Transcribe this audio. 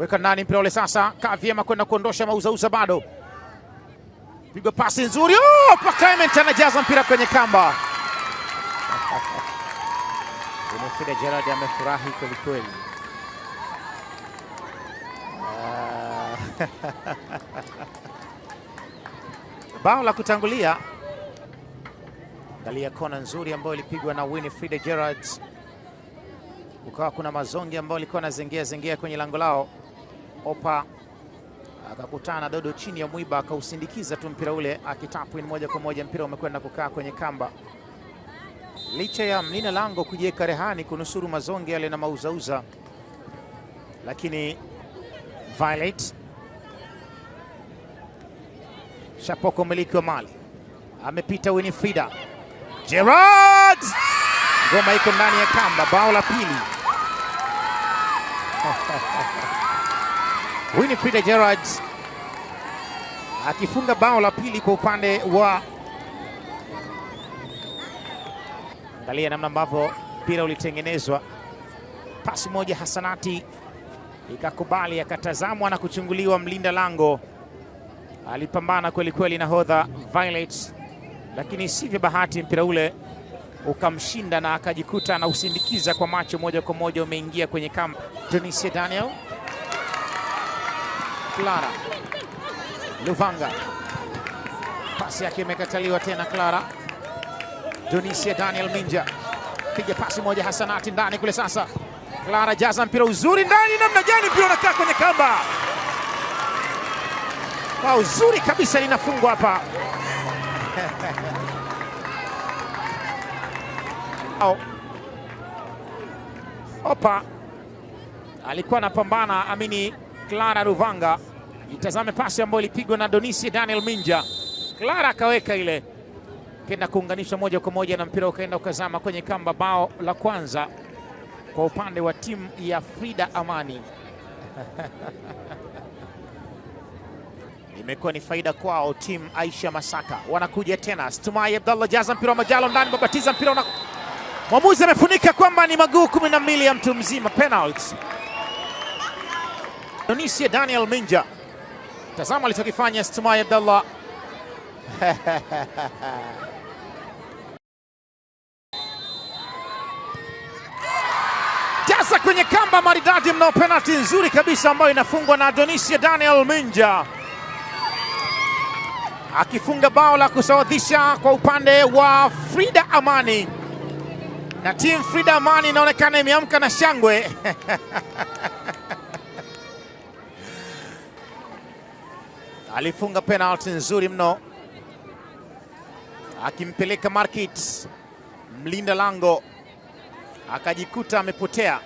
weka ndani mpira ule sasa, kaa vyema kwenda kuondosha mauzauza, bado pigwa pasi nzuri. Oh, Clement anajaza mpira kwenye kamba. Winifrida Gerald amefurahi kwelikweli. bao la kutangulia, angalia kona nzuri ambayo ilipigwa na Winifrida Gerald, ukawa kuna mazongi ambayo alikuwa anazengea zengea kwenye lango lao. Opa akakutana dodo chini ya mwiba akausindikiza tu mpira ule akitapwin moja kwa moja, mpira umekwenda kukaa kwenye kamba. Licha ya mlina lango kujiweka rehani kunusuru mazonge yale na mauzauza, lakini Violet Shapoko mmiliki wa mali amepita Winifrida Gerard, ngoma iko ndani ya kamba, bao la pili Winifrida Gerard akifunga bao la pili kwa upande wa. Angalia namna ambavyo mpira ulitengenezwa, pasi moja Hasanati ikakubali, akatazamwa na kuchunguliwa. Mlinda lango alipambana kweli kweli nahodha Violet, lakini sivyo bahati, mpira ule ukamshinda na akajikuta anausindikiza kwa macho moja kwa moja, umeingia kwenye kamba. Tunisia Daniel Clara Luvanga, pasi yake imekataliwa tena. Clara Donisia Daniel Minja piga pasi moja, hasanati ndani kule. Sasa Clara jaza mpira uzuri ndani, namna gani mpira unakaa kwenye kamba kwa uzuri kabisa, linafungwa hapa Opa alikuwa anapambana, amini Clara Luvanga. Itazame pasi ambayo ilipigwa na Donisi Daniel Minja, Clara akaweka ile, kenda kuunganisha moja kwa moja na mpira ukaenda ukazama kwenye kamba. Bao la kwanza kwa upande wa timu ya Frida Amani imekuwa ni faida kwao. Timu Aisha Masaka wanakuja tena, Stumai Abdallah jaza mpira wa Majalo ndani, babatiza mpira una... mwamuzi amefunika kwamba ni maguu 12 ya mtu mzima, penalty Donisia Daniel Minja. Tazama alichokifanya Stumai Abdallah. Jaza kwenye kamba maridadi mnao, penalti nzuri kabisa ambayo inafungwa na Adonisia Daniel Minja akifunga bao la kusawadhisha kwa upande wa Frida Amani, na timu Frida Amani inaonekana imeamka na shangwe alifunga penalti nzuri mno akimpeleka market mlinda lango akajikuta amepotea.